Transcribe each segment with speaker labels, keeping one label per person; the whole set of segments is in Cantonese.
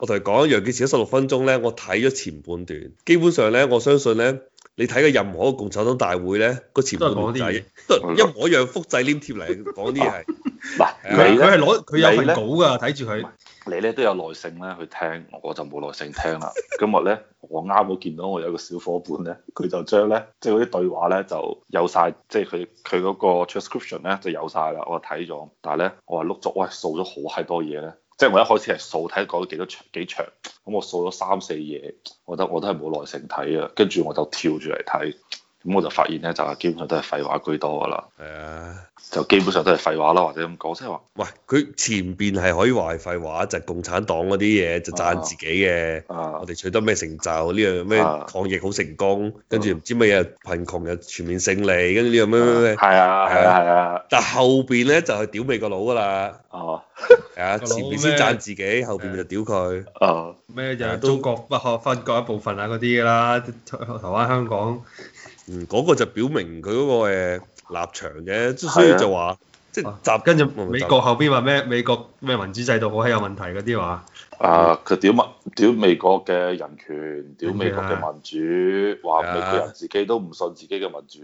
Speaker 1: 我同你講楊潔篪十六分鐘咧，我睇咗前半段，基本上咧，我相信咧，你睇嘅任何共產黨大會咧，個前半段啲，都，都一模一樣複製黏貼嚟講啲嘢。嗱， 佢佢係攞佢有份稿噶，睇住佢。你咧都有耐性咧去
Speaker 2: 聽，我就冇耐性聽啦。今日咧，我啱好見到我有個小伙伴咧，佢就將咧，即係嗰啲對話咧，就有、是、晒，即係佢佢嗰個 transcription 咧就有晒啦。我睇咗，但係咧，我話碌咗，喂，掃咗好閪多嘢咧。即係我一開始係數睇，佢講咗幾多場幾長，咁、嗯、我數咗三四嘢，覺得我都係冇耐性睇啊，跟住我就跳住嚟睇。咁我就發現咧，就係基本上都係廢話居多噶啦。係啊，就基本上都係廢話啦，或者咁講即係話。
Speaker 1: 喂，佢前邊係可以話係廢話，就共產黨嗰啲嘢，就讚自己嘅。啊，我哋取得咩成就？呢樣咩抗疫好成功，跟住唔知咩嘢貧窮又全面勝利，跟住呢樣咩咩咩。係啊，係啊，係啊。但後邊咧就係屌美國佬噶啦。哦。係啊，前邊先讚自己，後邊就屌佢。啊。咩就係中國不可分割一部分啊？嗰啲噶啦，台灣香港。嗯，嗰、那個就表明佢嗰個立場嘅，所以就話、啊、即係習集、啊、跟住美國後邊話咩？美國咩民主制度好閪有問題嗰啲話啊！
Speaker 2: 佢屌民屌美國嘅人權，屌美國嘅民主，話美國人自己都唔信自己嘅民主。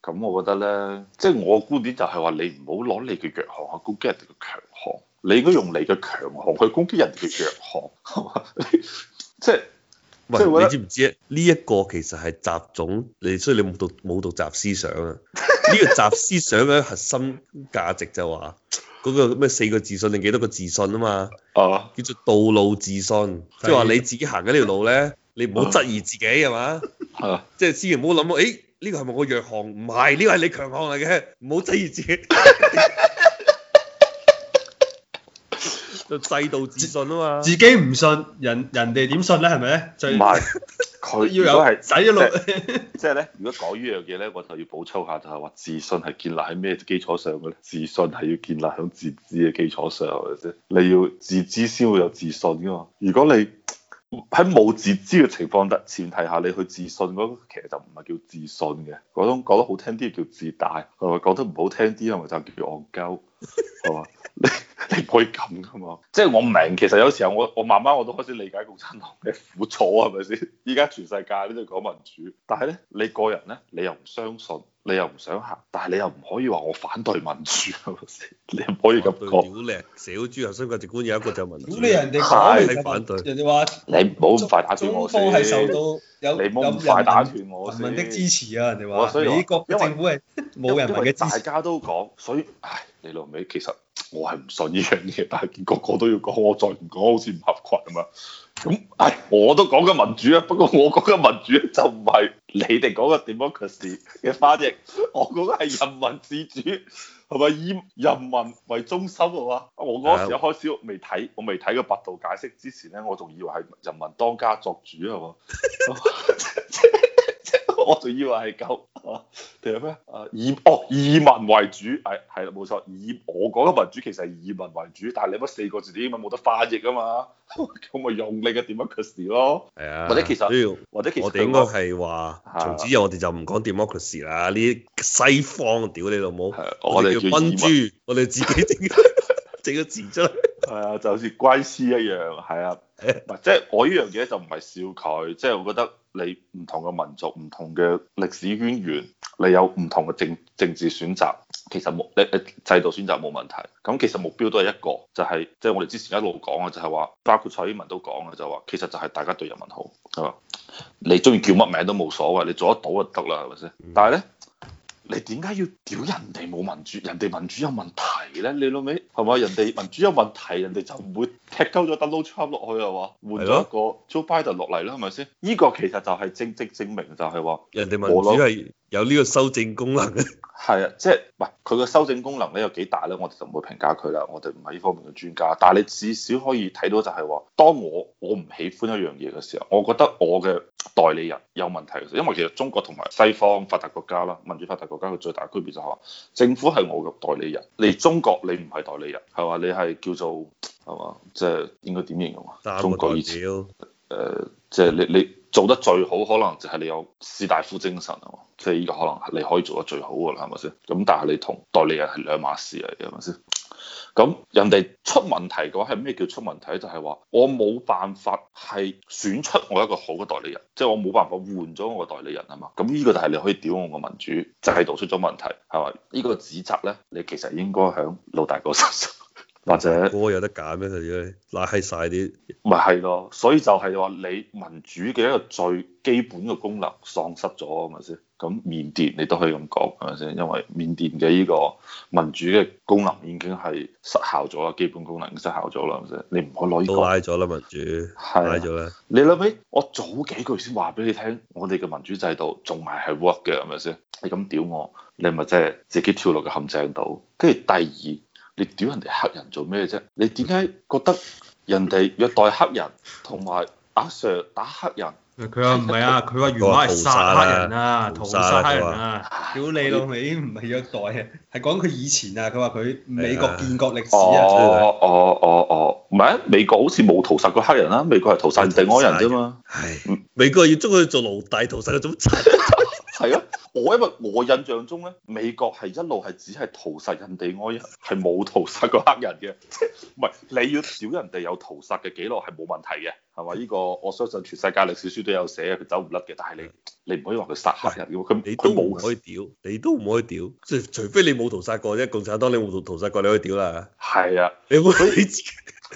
Speaker 2: 咁、啊、我覺得咧，即、就、係、是、我觀點就係話，你唔好攞你嘅弱項去攻擊人哋嘅強項，你應該用你嘅強項去攻擊人哋嘅弱項，
Speaker 1: 即係。喂你知唔知咧？呢、這、一個其實係習總，你所以你冇讀冇讀習思想啊！呢 個習思想嘅核心價值就話嗰、那個咩四個自信定幾多個自信啊嘛？哦，叫做道路自信，即係話你自己行緊條路咧，你唔好質疑自己係嘛？係，即係思源唔好諗誒，呢個係咪我弱項？唔係，呢個係你強項嚟嘅，唔好質疑自己。就制度自信啊嘛，自己唔信，人人哋點信咧？係咪咧？唔係， 佢要有使一路。即
Speaker 2: 係咧，如果講呢樣嘢咧，我就要補充下，就係、是、話自信係建立喺咩基礎上嘅咧？自信係要建立喺自知嘅基礎上嘅啫。你要自知先會有自信噶嘛。如果你喺冇自知嘅情況下前提下，你去自信嗰，其實就唔係叫自信嘅。嗰種講得好聽啲叫自大，係咪？講得唔好聽啲係咪就是、叫戇鳩？係嘛？ 可以咁噶嘛？即係我唔明，其實有時候我我慢慢我都開始理解共產黨嘅苦楚係咪先？依家全世界都呢度講民主，但係咧你個人咧，你又唔相信。你又唔想行，但係你又唔可以話我反對民主，你唔可以
Speaker 1: 咁講。小靚少豬頭新價值觀有一個就民主。咁你、嗯、人哋講是反對，人哋話中你唔好咁快打斷我先。中方係受到有有人民人民的
Speaker 2: 支持啊！人哋話美國嘅政府係冇人民嘅支持。因為大家都講，所以唉，你老味其實我係唔信呢樣嘢，但係見個個都要講，我再唔講好似唔合群啊嘛。咁，唉、嗯哎，我都講緊民主啊，不過我講嘅民主就唔係你哋講嘅 democracy 嘅翻譯，我講係人民自主，係咪以人民為中心啊？我嗰時一開始未睇，我未睇個百度解釋之前咧，我仲以為係人民當家作主啊！ 我仲以為係夠嚇，定係咩？啊，以哦以民為主，係係啦，冇錯，以我講嘅民主其實係以民為主，但係你乜四個字你英文咪冇得翻譯啊嘛？咁、啊、咪用你嘅 Democracy 咯。係啊的，或
Speaker 1: 者其實，以或者其實我哋應該係話的從此以後我哋就唔講 Democracy 啦。呢啲西方屌你老母，的我哋叫炆豬，我哋自己整個， 個字出嚟。係啊，哎、就好似關師一樣，係啊，
Speaker 2: 唔即係我呢樣嘢就唔係笑佢，即係我覺得你唔同嘅民族、唔同嘅歷史淵源，你有唔同嘅政政治選擇，其實冇你你制度選擇冇問題。咁其實目標都係一個，就係、是、即係我哋之前一路講嘅，就係話，包括蔡英文都講嘅，就話其實就係大家對人民好，係嘛？你中意叫乜名都冇所謂，你做得到就得啦，係咪先？但係咧。你點解要屌人哋冇民主？人哋民主有問題咧，你老味係嘛？人哋民主有問題，人哋就唔會踢鳩咗 Donald Trump 落去啊嘛，換咗一個 Joe Biden 落嚟啦，係咪先？呢個其實就係正正證明就係、是、話人哋民主係
Speaker 1: 有呢個修正功能，
Speaker 2: 係啊，即係唔係佢個修正功能咧，有幾大呢？我哋就唔會評價佢啦，我哋唔係呢方面嘅專家。但係你至少可以睇到就係話，當我我唔喜歡一樣嘢嘅時候，我覺得我嘅代理人有問題嘅時候，因為其實中國同埋西方發達國家啦，民主發達國家嘅最大區別就係話，政府係我嘅代理人，你中國你唔係代理人，係話你係叫做係嘛？即係應該點形容？中國以前。誒，即係、呃就是、你你做得最好，可能就係你有士大夫精神啊，即係依個可能你可以做得最好㗎啦，係咪先？咁但係你同代理人係兩碼事嚟嘅，係咪先？咁人哋出問題嘅話係咩叫出問題就係、是、話我冇辦法係選出我一個好嘅代理人，即、就、係、是、我冇辦法換咗我個代理人啊嘛。咁呢個就係你可以屌我個民主制度出咗問題，係咪？呢、這個指責呢，你其實應該向老大哥身上。
Speaker 1: 或者哥有得揀咩佢？拉閪晒啲，咪係
Speaker 2: 咯，所以就係話你民主嘅一個最基本嘅功能喪失咗，係咪先？咁緬甸你都可以咁講，係咪先？因為緬甸嘅依個民主嘅功能已經係失效咗啦，基本功能失效咗啦，咪先？你唔可攞呢個都拉咗啦，民主拉咗啦。的了你諗起我早幾句先話俾你聽，我哋嘅民主制度仲係係 work 嘅，係咪先？你咁屌我，你係咪即係自己跳落個陷阱度？跟住第二。你屌人哋黑人做咩啫？你點解覺得人哋虐待黑人
Speaker 1: 同埋阿 Sir 打、啊、是黑人？佢話唔係啊，佢話原來係殺人啊，屠殺人啊！屌唉你老味，唔係虐待啊，係講佢以前啊，佢話佢美國建國
Speaker 2: 歷史啊，哦哦哦哦，唔係啊，美國好似冇屠殺過黑人啊。
Speaker 1: 美國係屠，屠殺印第安人啫嘛，嗯、美國要捉佢做奴隸，屠殺嗰種。
Speaker 2: 我因為我印象中咧，美國係一路係只係屠殺印第安人，係冇屠殺過黑人嘅。即係唔係你要屌人哋有屠殺嘅記錄係冇問題嘅，係嘛？呢、呢個我相信全世界歷史書都有寫，佢走唔甩嘅。但係你你唔可以話佢殺黑
Speaker 1: 人咁，佢佢冇。你都唔可以屌，你都唔可以屌，即除除非你冇屠殺過啫。共產黨你冇屠殺過，你可以屌啦。係啊，你會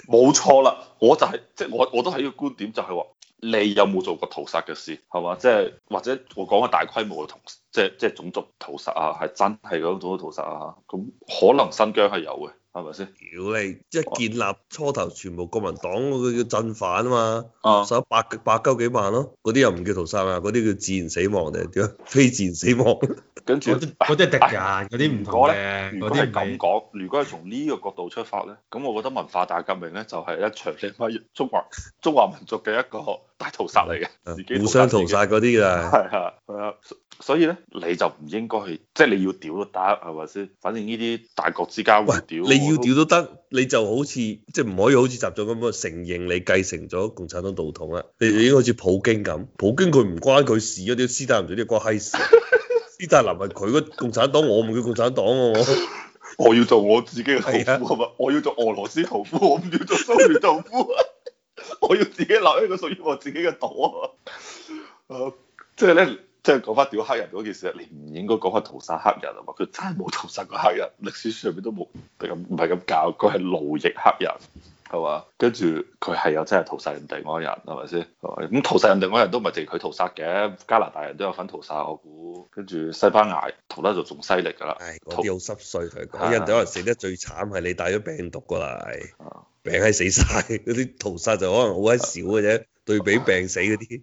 Speaker 1: 冇 錯啦。我就係、係、即係我我，我，
Speaker 2: 我都係呢個觀點、就係，就係話。你有冇做過屠殺嘅事，係嘛？或者我講嘅大規模嘅屠，即係即係種族屠殺啊，係真係嗰種，種屠殺啊？可能新疆
Speaker 1: 係有嘅。係咪先？屌你！一建立初頭全部國民黨嗰個叫鎮反啊嘛，收百百鳩幾萬咯。嗰啲又唔叫屠殺啊，嗰啲叫自然死亡定係點啊？非自然死亡。跟住嗰啲係敵人，嗰啲唔同咧。如果係咁講，
Speaker 2: 如果係從呢個角度出發咧，咁我覺得文化大革命咧就係一場嘅中華中華民族嘅一個大屠殺嚟嘅，自己互相
Speaker 1: 屠殺嗰啲㗎。係啊，係啊。
Speaker 2: 所以咧，你就唔應該去，即係你要屌都打，係咪先？反正呢啲大國之間互屌。要屌
Speaker 1: 都得，就是，你就好似即係唔可以好似習總咁啊，承認你繼承咗共產黨道統啦，你已經好似普京咁。普京佢唔關佢事啊，啲斯大林嗰啲關閪事，斯大林係佢個共產黨，我唔叫共產黨，啊、我，我要做我自己嘅屠夫係嘛，啊、我要做俄羅斯屠夫，我唔要做蘇聯屠夫， 我要自己留一
Speaker 2: 個屬於我自己嘅黨啊，即係咧。即係講翻屌黑人嗰件事，你唔應該講翻屠殺黑人啊嘛？佢真係冇屠殺過黑人，歷史書上邊都冇咁，唔係咁教，佢係奴役黑人係嘛？跟住佢係有真係屠殺人哋嗰啲人係咪先？咁屠殺人哋嗰人都唔係淨係佢屠殺嘅，加拿大人都有份屠殺，我估。跟住西班牙屠得就仲犀利㗎啦。唉、哎，
Speaker 1: 嗰啲好濕碎同佢講。啊、人哋可能死得最慘係你帶咗病毒過嚟，哎啊、病係死晒。嗰啲屠殺就可能好鬼少嘅啫。對比病死嗰啲，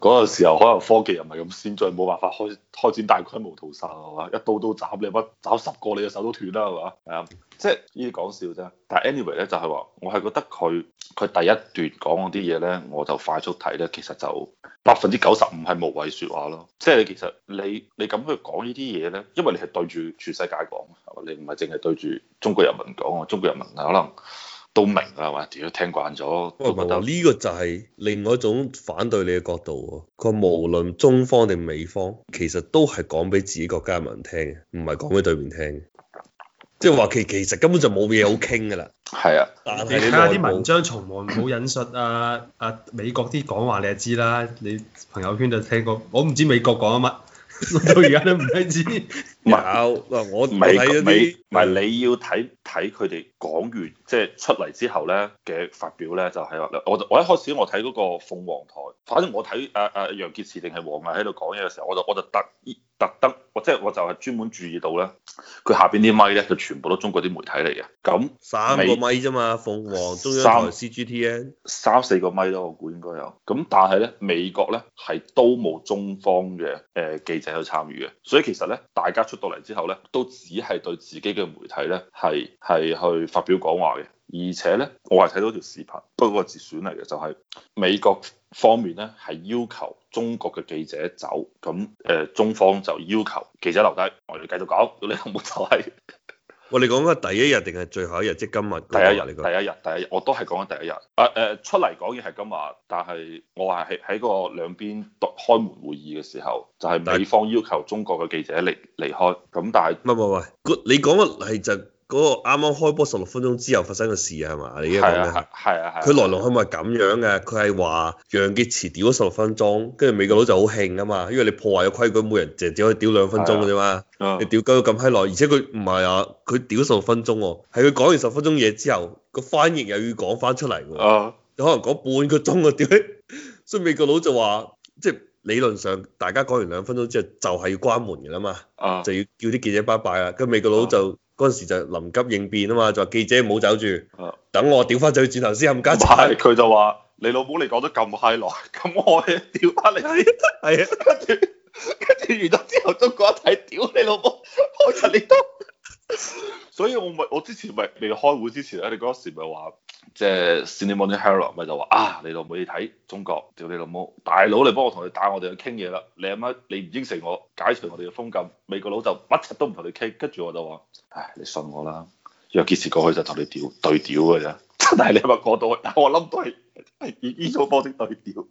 Speaker 1: 嗰陣時候可能科技又唔係咁先進，冇辦法開
Speaker 2: 開展大規模屠殺啊嘛，一刀刀斬你乜斬十個你嘅手都斷啦係嘛，係啊，即係呢啲講笑啫。但係 anyway 咧就係話，我係覺得佢佢第一段講嗰啲嘢咧，我就快速睇咧，其實就百分之九十五係無謂、就是、說話咯。即係其實你你咁去講呢啲嘢咧，因為你係對住全世界講，你唔係淨係對住中國人民講，中國人民可能。都明啦，或者聽慣咗。不過問題
Speaker 1: 呢個就係另外一種反對你嘅角度喎。佢無論中方定美方，其實都係講俾自己國家嘅人聽嘅，唔係講俾對面聽。即係話其其實根本就冇嘢好傾噶啦。係啊。但你睇下啲文章從來冇引述啊啊，美國啲講話，你係知啦。你朋友圈就聽過，我唔知美國講乜。 到而家都唔使知，唔係我唔睇嗰，唔係你要睇
Speaker 2: 睇佢哋講完即係、就是、出嚟之後咧嘅發表咧就係、是、話，我就我一開始我睇嗰個鳳凰台，反正我睇誒誒楊潔篪定係王毅喺度講嘢嘅時候，我就我就特特登，我即係我就係專門注意到咧，佢下邊啲咪咧就全部都中國啲媒體嚟嘅，咁三個咪
Speaker 1: 啫嘛，鳳凰、中央、C G T N，三,
Speaker 2: 三四個咪咯，我估應該有。咁但係咧，美國咧係都冇中方嘅誒、呃、記者去參與嘅，所以其實咧，大家出到嚟之後咧，都只係對自己嘅媒體咧係係去發表講話嘅。而且咧，我係睇到條視頻，不過個節選嚟嘅，就係、是、美國方面咧係要求。中國嘅記者走，咁誒中方就要求記者留低，我哋繼續講，你有冇走係？
Speaker 1: 我哋講緊第一日定係最後一日，即今日第一日嚟講。說第一日，
Speaker 2: 第一日，我都係講緊第一日。啊、呃、誒，出嚟講嘢係今日，但係我話係喺嗰兩邊開門會議嘅時候，就係、是、美方要求中國嘅記者嚟離,是離開，咁但係
Speaker 1: 唔係唔係，你講嘅係就是。嗰個啱啱開波十六分鐘之後發生嘅事係嘛？你而家講咩？啊係佢、啊啊、來龍去唔係咁樣嘅？佢係話楊潔篪屌咗十六分鐘，跟住美國佬就好興啊嘛，因為你破壞嘅規矩，每人就只可以屌兩分鐘嘅啫嘛。啊啊、你屌鳩到咁閪耐，而且佢唔係啊，佢屌十六分鐘喎、哦，係佢講完十分鐘嘢之後，個翻譯又要講翻出嚟喎。啊、可能講半個鐘啊，屌！ 所以美國佬就話，即係理論上大家講完兩分鐘之後，就係、是、要關門㗎啦嘛。啊、就要叫啲記者拜拜啦。跟住美國佬就。嗰陣時就臨急應變啊嘛，就話記者唔好走住，啊、等我屌翻轉，轉頭先冚家鏟。佢就話是的： 你老母，你講得咁嗨耐，
Speaker 2: 咁我屌翻你。係啊，跟住跟住完咗之後都覺得係屌你老母，開陳你都。 所以我咪我之前咪未開會之前咧，你、啊、嗰時咪話即係《Sydney Morning Herald》咪就話啊，你老母你睇中國屌你老母，大佬你幫我同佢打我哋去傾嘢啦，你阿媽你唔應承我解除我哋嘅封禁，美國佬就乜柒都唔同你傾，跟住我就話唉，你信我啦，約幾時過去就同你屌對屌嘅啫，真係你係咪過到去？但我諗到係以英超方式對屌。